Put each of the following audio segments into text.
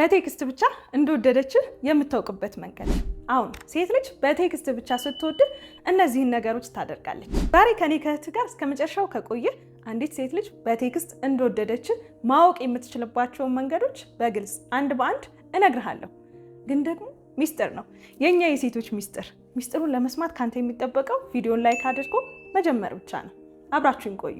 በቴክስት ብቻ እንደወደደች የምታውቅበት መንገድ። አሁን ሴት ልጅ በቴክስት ብቻ ስትወድ እነዚህን ነገሮች ታደርጋለች። ዛሬ ከኔ ከእህትህ ጋር እስከ መጨረሻው አንዲት ሴት ልጅ በቴክስት እንደወደደች ማወቅ የምትችልባቸውን መንገዶች በግልጽ አንድ በአንድ እነግርሃለሁ። ግን ደግሞ ሚስጥር ነው፣ የእኛ የሴቶች ሚስጥር። ሚስጥሩን ለመስማት ካንተ የሚጠበቀው ቪዲዮን ላይክ አድርጎ መጀመር ብቻ ነው። አብራችሁን ቆዩ።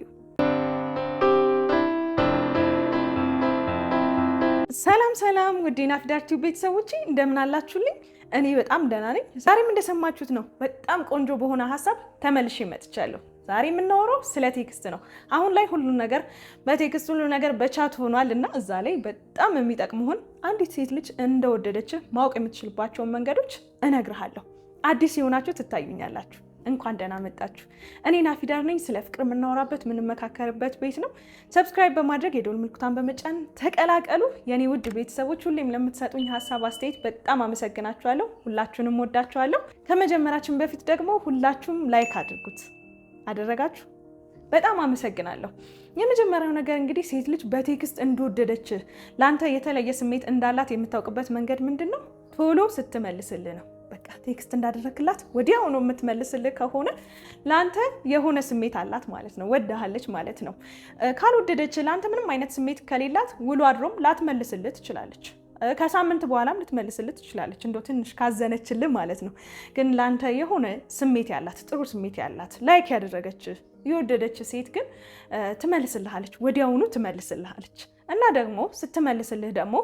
ሰላም ሰላም፣ ውዴና ናፊዳር ቲዩብ ቤተሰቦቼ እንደምን አላችሁልኝ? እኔ በጣም ደህና ነኝ። ዛሬም እንደሰማችሁት ነው በጣም ቆንጆ በሆነ ሀሳብ ተመልሼ መጥቻለሁ። ዛሬ የምናወራው ስለ ቴክስት ነው። አሁን ላይ ሁሉ ነገር በቴክስት ሁሉ ነገር በቻት ሆኗል እና እዛ ላይ በጣም የሚጠቅመውን አንዲት ሴት ልጅ እንደወደደች ማወቅ የምትችልባቸውን መንገዶች እነግርሃለሁ። አዲስ የሆናችሁ ትታዩኛላችሁ እንኳን ደህና መጣችሁ። እኔ ናፊዳር ነኝ። ስለ ፍቅር የምናወራበት የምንመካከርበት ቤት ነው። ሰብስክራይብ በማድረግ የደወል ምልክቷን በመጫን ተቀላቀሉ። የኔ ውድ ቤተሰቦች ሁሌም ለምትሰጡኝ ሀሳብ፣ አስተያየት በጣም አመሰግናችኋለሁ። ሁላችሁንም ወዳችኋለሁ። ከመጀመራችን በፊት ደግሞ ሁላችሁም ላይክ አድርጉት። አደረጋችሁ? በጣም አመሰግናለሁ። የመጀመሪያው ነገር እንግዲህ ሴት ልጅ በቴክስት እንደወደደች ለአንተ የተለየ ስሜት እንዳላት የምታውቅበት መንገድ ምንድን ነው? ቶሎ ስትመልስልህ ነው። ቴክስት እንዳደረክላት ወዲያውኑ የምትመልስልህ ከሆነ ለአንተ የሆነ ስሜት አላት ማለት ነው፣ ወዳሃለች ማለት ነው። ካልወደደች ለአንተ ምንም አይነት ስሜት ከሌላት ውሎ አድሮም ላትመልስልህ ትችላለች። ከሳምንት በኋላም ልትመልስልህ ትችላለች፣ እንደው ትንሽ ካዘነችልህ ማለት ነው። ግን ለአንተ የሆነ ስሜት ያላት ጥሩ ስሜት ያላት ላይክ ያደረገች የወደደች ሴት ግን ትመልስልሃለች፣ ወዲያውኑ ትመልስልሃለች። እና ደግሞ ስትመልስልህ ደግሞ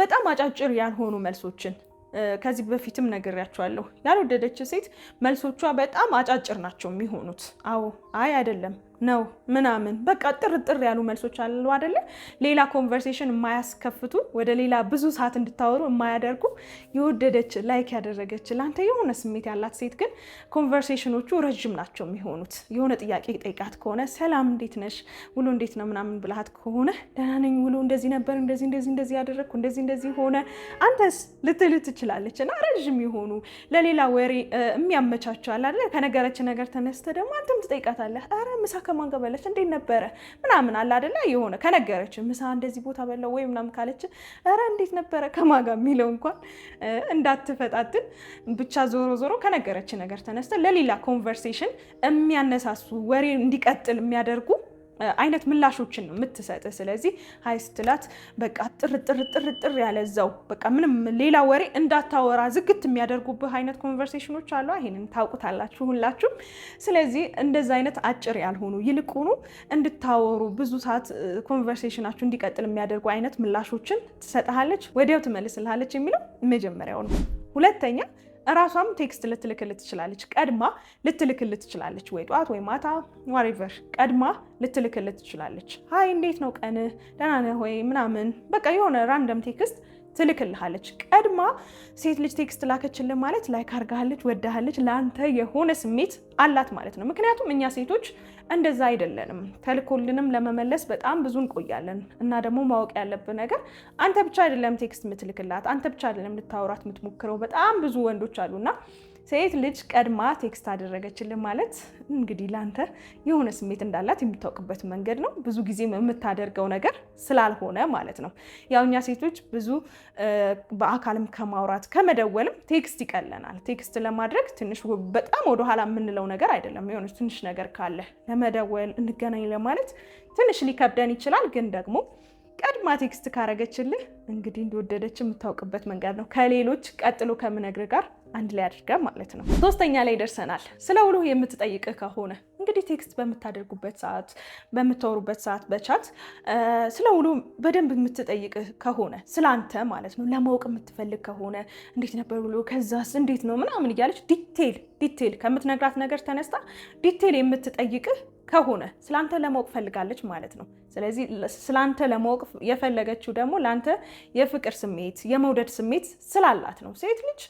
በጣም አጫጭር ያልሆኑ መልሶችን ከዚህ በፊትም ነግሬያቸዋለሁ። ያልወደደች ሴት መልሶቿ በጣም አጫጭር ናቸው የሚሆኑት። አዎ፣ አይ አይደለም ነው ምናምን በቃ ጥርጥር ያሉ መልሶች አሉ አደለ? ሌላ ኮንቨርሴሽን የማያስከፍቱ ወደ ሌላ ብዙ ሰዓት እንድታወሩ የማያደርጉ የወደደች ላይክ ያደረገች ለአንተ የሆነ ስሜት ያላት ሴት ግን ኮንቨርሴሽኖቹ ረዥም ናቸው የሚሆኑት። የሆነ ጥያቄ ጠይቃት ከሆነ ሰላም፣ እንዴት ነሽ፣ ውሎ እንዴት ነው ምናምን ብልሃት ከሆነ ደህና ነኝ፣ ውሎ እንደዚህ ነበር፣ እንደዚህ እንደዚህ እንደዚህ ያደረግኩ፣ እንደዚህ እንደዚህ ሆነ፣ አንተስ ልትል ትችላለች። እና ረዥም የሆኑ ለሌላ ወሬ የሚያመቻቸዋል አለ አደለ? ከነገረች ነገር ተነስተ ደግሞ አንተም ትጠይቃታለህ ምሳ ከማን ጋር በላች፣ እንዴት ነበረ ምናምን አለ አደለ? የሆነ ከነገረች ምሳ እንደዚህ ቦታ በላው ወይ ምናምን ካለች ኧረ እንዴት ነበረ ከማን ጋር የሚለው እንኳን እንዳትፈጣትን ብቻ። ዞሮ ዞሮ ከነገረች ነገር ተነስተ ለሌላ ኮንቨርሴሽን የሚያነሳሱ ወሬ እንዲቀጥል የሚያደርጉ አይነት ምላሾችን ነው የምትሰጥ። ስለዚህ ሀይ ስትላት በቃ ጥር ጥር ጥርጥር ያለዛው በቃ ምንም ሌላ ወሬ እንዳታወራ ዝግት የሚያደርጉብህ አይነት ኮንቨርሴሽኖች አሉ። ይሄንን ታውቁታላችሁ ሁላችሁም። ስለዚህ እንደዚ አይነት አጭር ያልሆኑ ይልቁኑ እንድታወሩ ብዙ ሰዓት ኮንቨርሴሽናችሁ እንዲቀጥል የሚያደርጉ አይነት ምላሾችን ትሰጥሃለች፣ ወዲያው ትመልስልሃለች የሚለው መጀመሪያው ነው። ሁለተኛ እራሷም ቴክስት ልትልክል ትችላለች። ቀድማ ልትልክል ትችላለች፣ ወይ ጠዋት ወይ ማታ ዋሪቨር ቀድማ ልትልክል ትችላለች። ሀይ እንዴት ነው ቀንህ፣ ደህና ነህ ወይ ምናምን፣ በቃ የሆነ ራንደም ቴክስት ትልክልሃለች። ቀድማ ሴት ልጅ ቴክስት ላከችልን ማለት ላይክ አርጋሃለች፣ ወዳሃለች፣ ለአንተ የሆነ ስሜት አላት ማለት ነው። ምክንያቱም እኛ ሴቶች እንደዛ አይደለንም። ተልኮልንም ለመመለስ በጣም ብዙ እንቆያለን። እና ደግሞ ማወቅ ያለብህ ነገር አንተ ብቻ አይደለም ቴክስት የምትልክላት፣ አንተ ብቻ አይደለም ልታወራት የምትሞክረው። በጣም ብዙ ወንዶች አሉና ሴት ልጅ ቀድማ ቴክስት አደረገችልን ማለት እንግዲህ ለአንተ የሆነ ስሜት እንዳላት የምታውቅበት መንገድ ነው። ብዙ ጊዜ የምታደርገው ነገር ስላልሆነ ማለት ነው። ያው እኛ ሴቶች ብዙ በአካልም ከማውራት ከመደወልም ቴክስት ይቀለናል። ቴክስት ለማድረግ ትንሽ በጣም ወደኋላ የምንለው ነገር አይደለም። የሆነ ትንሽ ነገር ካለ ለመደወል እንገናኝ ለማለት ትንሽ ሊከብደን ይችላል። ግን ደግሞ ቀድማ ቴክስት ካረገችልህ እንግዲህ እንደወደደች የምታውቅበት መንገድ ነው። ከሌሎች ቀጥሎ ከምነግር ጋር አንድ ላይ አድርገን ማለት ነው። ሶስተኛ ላይ ደርሰናል። ስለ ውሎ የምትጠይቅህ ከሆነ እንግዲህ ቴክስት በምታደርጉበት ሰዓት፣ በምታወሩበት ሰዓት በቻት ስለ ውሎ በደንብ የምትጠይቅህ ከሆነ ስለ አንተ ማለት ነው ለማወቅ የምትፈልግ ከሆነ እንዴት ነበር ውሎ፣ ከዛስ እንዴት ነው ምናምን እያለች ዲቴል ዲቴል ከምትነግራት ነገር ተነስታ ዲቴል የምትጠይቅህ ከሆነ ስለአንተ ለማወቅ ፈልጋለች ማለት ነው። ስለዚህ ስለአንተ ለማወቅ የፈለገችው ደግሞ ለአንተ የፍቅር ስሜት የመውደድ ስሜት ስላላት ነው ሴት ልጅ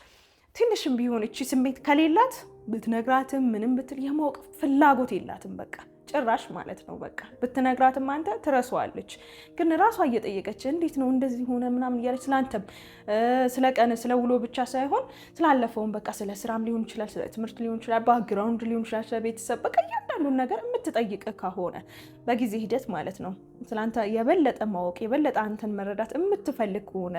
ትንሽም ቢሆን እቺ ስሜት ከሌላት ብትነግራትም ምንም ብትል የማወቅ ፍላጎት የላትም። በቃ ጭራሽ ማለት ነው። በቃ ብትነግራትም አንተ ትረሳዋለች። ግን ራሷ እየጠየቀች እንዴት ነው እንደዚህ ሆነ ምናምን እያለች ስለአንተም ስለ ቀን ስለ ውሎ ብቻ ሳይሆን ስላለፈውም በቃ ስለ ስራም ሊሆን ይችላል፣ ስለ ትምህርት ሊሆን ይችላል፣ ባክግራውንድ ሊሆን ይችላል፣ ስለ ቤተሰብ በቃ እያንዳንዱን ነገር የምትጠይቅ ከሆነ በጊዜ ሂደት ማለት ነው ስለአንተ የበለጠ ማወቅ የበለጠ አንተን መረዳት የምትፈልግ ከሆነ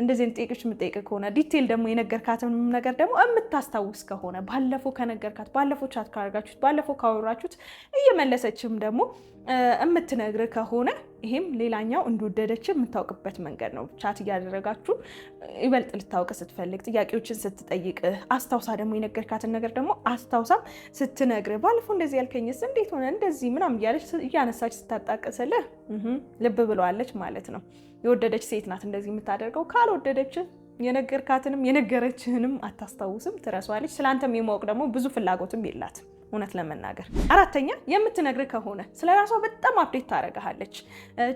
እንደዚህን ጠቂዎች የምጠይቅ ከሆነ ዲቴል ደግሞ የነገርካትን ነገር ደግሞ የምታስታውስ ከሆነ ባለፈው ከነገርካት ባለፈው ቻት ካረጋችሁት ባለፈው ካወራችሁት እየመለሰችም ደግሞ የምትነግር ከሆነ ይሄም ሌላኛው እንደወደደች የምታውቅበት መንገድ ነው። ቻት እያደረጋችሁ ይበልጥ ልታውቅ ስትፈልግ ጥያቄዎችን ስትጠይቅ፣ አስታውሳ ደግሞ የነገርካትን ነገር ደግሞ አስታውሳ ስትነግር፣ ባለፈው እንደዚህ ያልከኝስ እንዴት ሆነ እንደዚህ ምናም እያለች እያነሳች ስታጣቅስልህ ልብ ብለዋለች ማለት ነው። የወደደች ሴት ናት እንደዚህ የምታደርገው። ካልወደደች የነገርካትንም የነገረችህንም አታስታውስም፣ ትረሷለች። ስለአንተም የማወቅ ደግሞ ብዙ ፍላጎትም የላትም። እውነት ለመናገር አራተኛ የምትነግር ከሆነ ስለ ራሷ በጣም አፕዴት ታደርግሃለች።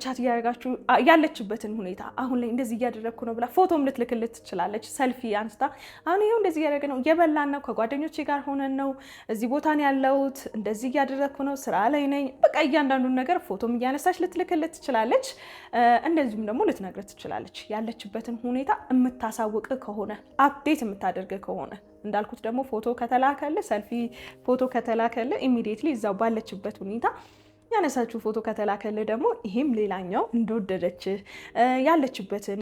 ቻት እያደረጋችሁ ያለችበትን ሁኔታ አሁን ላይ እንደዚህ እያደረግኩ ነው ብላ ፎቶም ልትልክልት ትችላለች። ሰልፊ አንስታ አሁን ይኸው እንደዚህ እያደረገ ነው፣ እየበላን ነው፣ ከጓደኞቼ ጋር ሆነን ነው፣ እዚህ ቦታን ያለሁት፣ እንደዚህ እያደረግኩ ነው፣ ስራ ላይ ነኝ። በቃ እያንዳንዱን ነገር ፎቶም እያነሳች ልትልክልት ትችላለች። እንደዚሁም ደግሞ ልትነግር ትችላለች። ያለችበትን ሁኔታ የምታሳውቅ ከሆነ አፕዴት የምታደርግ ከሆነ እንዳልኩት ደግሞ ፎቶ ከተላከልህ ሰልፊ ፎቶ ከተላከልህ ኢሚዲየትሊ እዛው ባለችበት ሁኔታ ያነሳችሁ ፎቶ ከተላከለ ደግሞ ይሄም ሌላኛው እንደወደደችህ ያለችበትን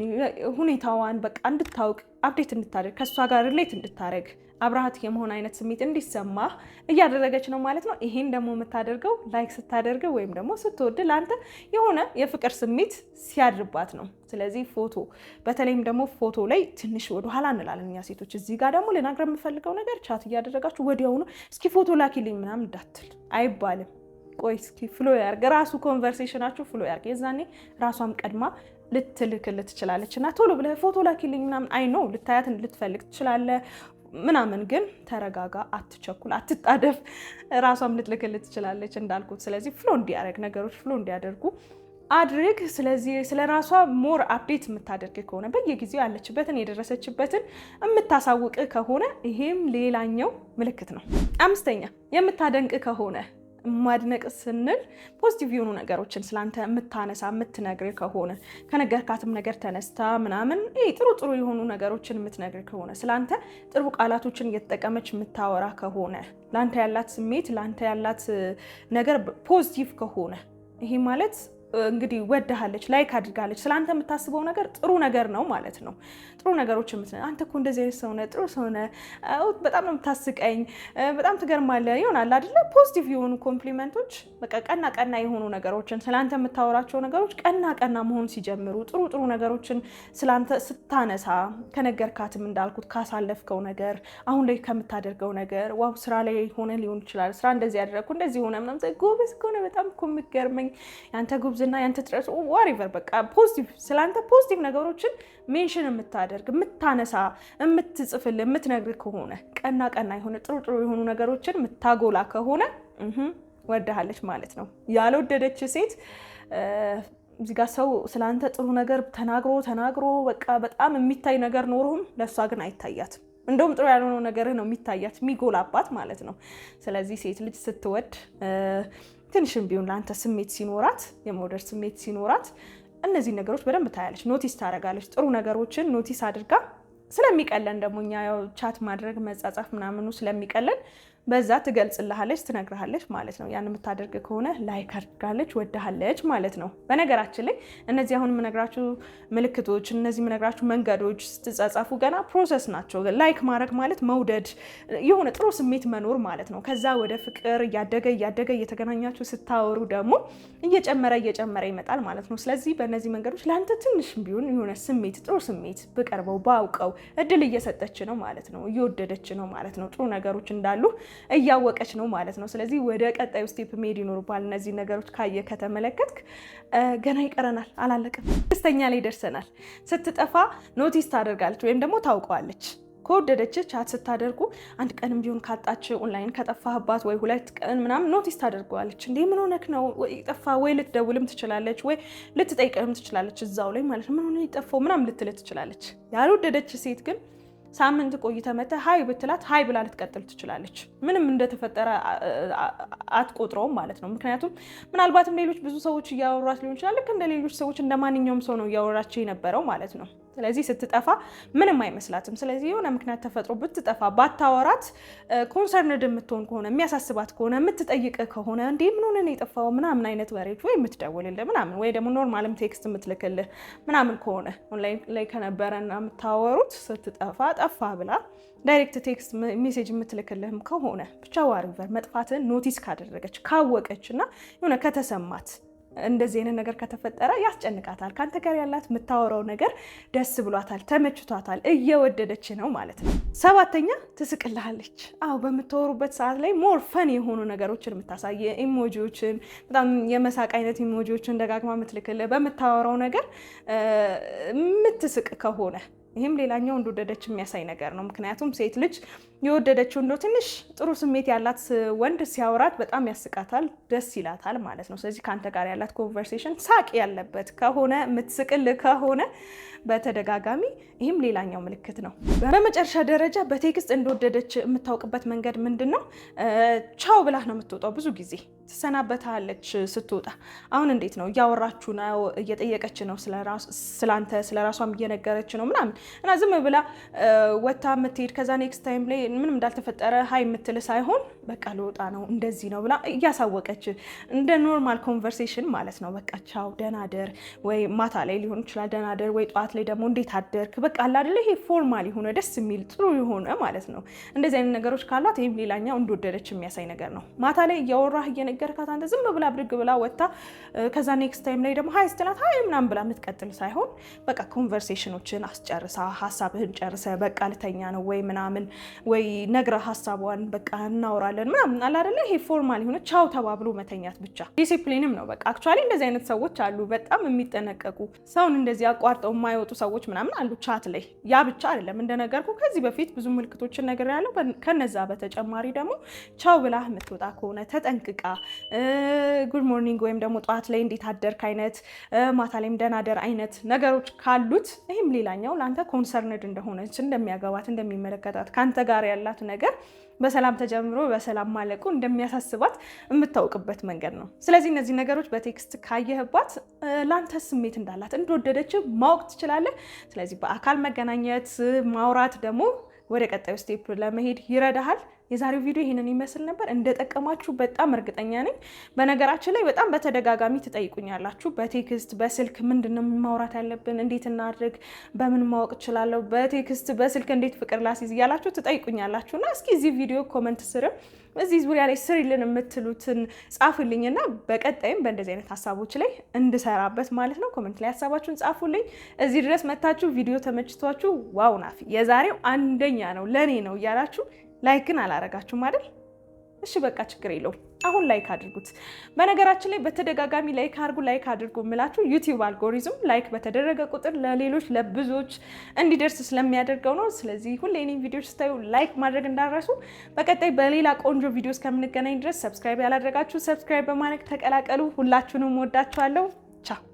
ሁኔታዋን በቃ እንድታውቅ አብዴት እንድታደርግ ከእሷ ጋር ሌት እንድታደረግ አብረሃት የመሆን አይነት ስሜት እንዲሰማ እያደረገች ነው ማለት ነው። ይሄን ደግሞ የምታደርገው ላይክ ስታደርገው ወይም ደግሞ ስትወድ ለአንተ የሆነ የፍቅር ስሜት ሲያድርባት ነው። ስለዚህ ፎቶ በተለይም ደግሞ ፎቶ ላይ ትንሽ ወደኋላ እንላለን እኛ ሴቶች። እዚህ ጋር ደግሞ ልናግረ የምፈልገው ነገር ቻት እያደረጋችሁ ወዲያውኑ እስኪ ፎቶ ላኪልኝ ምናምን እንዳትል አይባልም። ቆይ እስኪ ፍሎ ያርግ ራሱ ኮንቨርሴሽናችሁ ፍሎ ያርግ። የዛኔ ራሷም ቀድማ ልትልክልህ ትችላለች እና ቶሎ ብለህ ፎቶ ላኪልኝ ምናምን አይ ነው ልታያት ልትፈልግ ትችላለህ። ምናምን ግን ተረጋጋ፣ አትቸኩል፣ አትጣደፍ። ራሷም ልትልክልህ ትችላለች እንዳልኩት። ስለዚህ ፍሎ እንዲያደርግ ነገሮች ፍሎ እንዲያደርጉ አድርግ። ስለዚህ ስለ ራሷ ሞር አፕዴት የምታደርግ ከሆነ በየጊዜው ያለችበትን የደረሰችበትን የምታሳውቅ ከሆነ ይሄም ሌላኛው ምልክት ነው። አምስተኛ የምታደንቅ ከሆነ ማድነቅ ስንል ፖዚቲቭ የሆኑ ነገሮችን ስላንተ የምታነሳ የምትነግር ከሆነ ከነገርካትም ነገር ተነስታ ምናምን ጥሩ ጥሩ የሆኑ ነገሮችን የምትነግር ከሆነ ስለአንተ ጥሩ ቃላቶችን እየተጠቀመች የምታወራ ከሆነ ለአንተ ያላት ስሜት ለአንተ ያላት ነገር ፖዚቲቭ ከሆነ ይሄ ማለት እንግዲህ ወድሃለች፣ ላይክ አድርጋለች። ስለአንተ የምታስበው ነገር ጥሩ ነገር ነው ማለት ነው። ጥሩ ነገሮች የምት አንተ እኮ እንደዚህ አይነት ሰውነ ጥሩ ሰውነ፣ በጣም ነው የምታስቀኝ፣ በጣም ትገርማለህ ይሆናል አይደለ? ፖዚቲቭ የሆኑ ኮምፕሊመንቶች፣ በቃ ቀና ቀና የሆኑ ነገሮችን ስለአንተ የምታወራቸው ነገሮች ቀና ቀና መሆን ሲጀምሩ፣ ጥሩ ጥሩ ነገሮችን ስለአንተ ስታነሳ፣ ከነገርካትም እንዳልኩት ካሳለፍከው ነገር፣ አሁን ላይ ከምታደርገው ነገር፣ ዋው ስራ ላይ ሆነ ሊሆን ይችላል ስራ እንደዚህ ያደረግኩ እንደዚህ ሆነ ምናምን፣ ጎበዝ ከሆነ በጣም እኮ የምትገርመኝ የአንተ ጉብዝ ዝና ያንተ ጥረት ዋሪቨር በቃ ፖዚቲቭ ስለአንተ ፖዚቲቭ ነገሮችን ሜንሽን የምታደርግ የምታነሳ፣ የምትጽፍል፣ የምትነግር ከሆነ ቀና ቀና የሆነ ጥሩ ጥሩ የሆኑ ነገሮችን የምታጎላ ከሆነ ወድሃለች ማለት ነው። ያልወደደች ሴት እዚህ ጋር ሰው ስለአንተ ጥሩ ነገር ተናግሮ ተናግሮ በቃ በጣም የሚታይ ነገር ኖሮም ለእሷ ግን አይታያትም። እንደውም ጥሩ ያልሆነው ነገርህ ነው የሚታያት የሚጎላባት ማለት ነው። ስለዚህ ሴት ልጅ ስትወድ ትንሽም ቢሆን ለአንተ ስሜት ሲኖራት የመውደድ ስሜት ሲኖራት እነዚህ ነገሮች በደንብ ታያለች፣ ኖቲስ ታደርጋለች። ጥሩ ነገሮችን ኖቲስ አድርጋ ስለሚቀለን ደግሞ እኛ ያው ቻት ማድረግ መጻጻፍ ምናምኑ ስለሚቀለን በዛ ትገልጽልሃለች፣ ትነግርሃለች ማለት ነው። ያን የምታደርግ ከሆነ ላይክ አድርጋለች፣ ወዳሃለች ማለት ነው። በነገራችን ላይ እነዚህ አሁን የምነግራችሁ ምልክቶች፣ እነዚህ የምነግራችሁ መንገዶች ስትጻጻፉ ገና ፕሮሰስ ናቸው። ላይክ ማድረግ ማለት መውደድ፣ የሆነ ጥሩ ስሜት መኖር ማለት ነው። ከዛ ወደ ፍቅር እያደገ እያደገ እየተገናኛችሁ ስታወሩ ደግሞ እየጨመረ እየጨመረ ይመጣል ማለት ነው። ስለዚህ በእነዚህ መንገዶች ለአንተ ትንሽ ቢሆን የሆነ ስሜት ጥሩ ስሜት ብቀርበው ባውቀው እድል እየሰጠች ነው ማለት ነው፣ እየወደደች ነው ማለት ነው። ጥሩ ነገሮች እንዳሉ እያወቀች ነው ማለት ነው። ስለዚህ ወደ ቀጣዩ ስቴፕ መሄድ ይኖርባል። እነዚህ ነገሮች ካየ ከተመለከትክ ገና ይቀረናል፣ አላለቅም። ስድስተኛ ላይ ደርሰናል። ስትጠፋ ኖቲስ ታደርጋለች ወይም ደግሞ ታውቀዋለች። ከወደደች ቻት ስታደርጉ አንድ ቀንም ቢሆን ካጣች ኦንላይን ከጠፋህባት ወይ ሁለት ቀን ምናምን ኖቲስ ታደርገዋለች። እንዴ ምን ሆነክ ነው ጠፋ? ወይ ልትደውልም ትችላለች፣ ወይ ልትጠይቅም ትችላለች። እዛው ላይ ማለት ምን ሆነ የጠፋው ምናምን ልትል ትችላለች። ያልወደደች ሴት ግን ሳምንት ቆይተ መተ ሀይ ብትላት ሀይ ብላ ልትቀጥል ትችላለች። ምንም እንደተፈጠረ አትቆጥረውም ማለት ነው። ምክንያቱም ምናልባትም ሌሎች ብዙ ሰዎች እያወሯት ሊሆን ይችላል። ልክ እንደ ሌሎች ሰዎች እንደ ማንኛውም ሰው ነው እያወራች የነበረው ማለት ነው። ስለዚህ ስትጠፋ ምንም አይመስላትም። ስለዚህ የሆነ ምክንያት ተፈጥሮ ብትጠፋ ባታወራት፣ ኮንሰርንድ የምትሆን ከሆነ የሚያሳስባት ከሆነ የምትጠይቅ ከሆነ እንዲ ምን ሆነን የጠፋው ምናምን አይነት ወሬዎች ወይ የምትደውልልህ ምናምን ወይ ደግሞ ኖርማልም ቴክስት የምትልክልህ ምናምን ከሆነ ኦንላይን ላይ ከነበረና የምታወሩት ስትጠፋ ጠፋ ብላ ዳይሬክት ቴክስት ሜሴጅ የምትልክልህም ከሆነ ብቻ ዋሪቨር መጥፋትን ኖቲስ ካደረገች ካወቀች እና የሆነ ከተሰማት እንደዚህ አይነት ነገር ከተፈጠረ ያስጨንቃታል። ከአንተ ጋር ያላት የምታወራው ነገር ደስ ብሏታል፣ ተመችቷታል፣ እየወደደች ነው ማለት ነው። ሰባተኛ ትስቅልሃለች። አዎ በምታወሩበት ሰዓት ላይ ሞር ፈን የሆኑ ነገሮችን የምታሳየ ኢሞጂዎችን፣ በጣም የመሳቅ አይነት ኢሞጂዎችን ደጋግማ የምትልክልህ በምታወራው ነገር የምትስቅ ከሆነ ይህም ሌላኛው እንደወደደች የሚያሳይ ነገር ነው። ምክንያቱም ሴት ልጅ የወደደችው እንደው ትንሽ ጥሩ ስሜት ያላት ወንድ ሲያወራት በጣም ያስቃታል፣ ደስ ይላታል ማለት ነው። ስለዚህ ከአንተ ጋር ያላት ኮንቨርሴሽን ሳቅ ያለበት ከሆነ የምትስቅል ከሆነ በተደጋጋሚ ይህም ሌላኛው ምልክት ነው። በመጨረሻ ደረጃ በቴክስት እንደወደደች የምታውቅበት መንገድ ምንድን ነው? ቻው ብላህ ነው የምትወጣው። ብዙ ጊዜ ትሰናበታለች ስትወጣ። አሁን እንዴት ነው? እያወራችሁ ነው፣ እየጠየቀች ነው ስለአንተ ስለራሷም እየነገረች ነው ምናምን እና ዝም ብላ ወታ የምትሄድ ከዛ ኔክስት ታይም ላይ ምንም እንዳልተፈጠረ ሀይ የምትል ሳይሆን በቃ ልወጣ ነው እንደዚህ ነው ብላ እያሳወቀች እንደ ኖርማል ኮንቨርሴሽን ማለት ነው። በቃ ቻው ደህና ደር ወይ ማታ ላይ ሊሆን ይችላል ደህና ደር ወይ ጠዋት ላይ ደግሞ እንዴት አደርክ በቃ አለ አይደለ ይሄ ፎርማል የሆነ ደስ የሚል ጥሩ የሆነ ማለት ነው። እንደዚህ አይነት ነገሮች ካሏት ይህም ሌላኛው እንደወደደች የሚያሳይ ነገር ነው። ማታ ላይ እያወራህ እየነገርካት አንተ ዝም ብላ ብድግ ብላ ወጥታ ከዛ ኔክስት ታይም ላይ ደግሞ ሀይ ስትላት ሀይ ምናምን ብላ የምትቀጥል ሳይሆን በቃ ኮንቨርሴሽኖችን አስጨርስ ጨርሳ ሀሳብህን ጨርሰ በቃ ልተኛ ነው ወይ ምናምን ወይ ነግረ ሀሳቧን በቃ እናወራለን ምናምን አለ አይደለ? ይሄ ፎርማል የሆነ ቻው ተባብሎ መተኛት ብቻ ዲሲፕሊንም ነው በቃ አክቹዋሊ እንደዚህ አይነት ሰዎች አሉ፣ በጣም የሚጠነቀቁ ሰውን እንደዚህ አቋርጠው የማይወጡ ሰዎች ምናምን አሉ ቻት ላይ። ያ ብቻ አይደለም እንደነገርኩ ከዚህ በፊት ብዙ ምልክቶችን ነገር ያለው ከነዛ በተጨማሪ ደግሞ ቻው ብላ የምትወጣ ከሆነ ተጠንቅቃ ጉድ ሞርኒንግ ወይም ደግሞ ጠዋት ላይ እንዴት አደርክ አይነት ማታ ላይም ደናደር አይነት ነገሮች ካሉት ይህም ሌላኛው ለአንተ ኮንሰርንድ እንደሆነች እንደሚያገባት፣ እንደሚመለከታት ከአንተ ጋር ያላት ነገር በሰላም ተጀምሮ በሰላም ማለቁ እንደሚያሳስባት የምታውቅበት መንገድ ነው። ስለዚህ እነዚህ ነገሮች በቴክስት ካየህባት ለአንተ ስሜት እንዳላት እንደወደደች ማወቅ ትችላለህ። ስለዚህ በአካል መገናኘት ማውራት ደግሞ ወደ ቀጣዩ ስቴፕ ለመሄድ ይረዳሃል። የዛሬው ቪዲዮ ይህንን ይመስል ነበር። እንደጠቀማችሁ በጣም እርግጠኛ ነኝ። በነገራችን ላይ በጣም በተደጋጋሚ ትጠይቁኛላችሁ፣ በቴክስት በስልክ ምንድን ማውራት ያለብን፣ እንዴት እናድርግ፣ በምን ማወቅ እችላለሁ፣ በቴክስት በስልክ እንዴት ፍቅር ላስይዝ እያላችሁ ትጠይቁኛላችሁ እና እስኪ እዚህ ቪዲዮ ኮመንት ስርም እዚህ ዙሪያ ላይ ስሪልን የምትሉትን ጻፉልኝ እና በቀጣይም በእንደዚህ አይነት ሀሳቦች ላይ እንድሰራበት ማለት ነው። ኮመንት ላይ ሀሳባችሁን ጻፉልኝ። እዚህ ድረስ መታችሁ ቪዲዮ ተመችቷችሁ ዋው ናፊ የዛሬው አንደኛ ነው ለእኔ ነው እያላችሁ ላይክን አላረጋችሁም አይደል? እሺ በቃ ችግር የለውም። አሁን ላይክ አድርጉት። በነገራችን ላይ በተደጋጋሚ ላይክ አድርጉ ላይክ አድርጉ የምላችሁ ዩቲዩብ አልጎሪዝም ላይክ በተደረገ ቁጥር ለሌሎች ለብዙዎች እንዲደርስ ስለሚያደርገው ነው። ስለዚህ ሁሌ እኔን ቪዲዮ ስታዩ ላይክ ማድረግ እንዳረሱ። በቀጣይ በሌላ ቆንጆ ቪዲዮ እስከምንገናኝ ድረስ ሰብስክራይብ ያላደረጋችሁ ሰብስክራይብ በማድረግ ተቀላቀሉ። ሁላችሁንም ወዳችኋለሁ። ቻው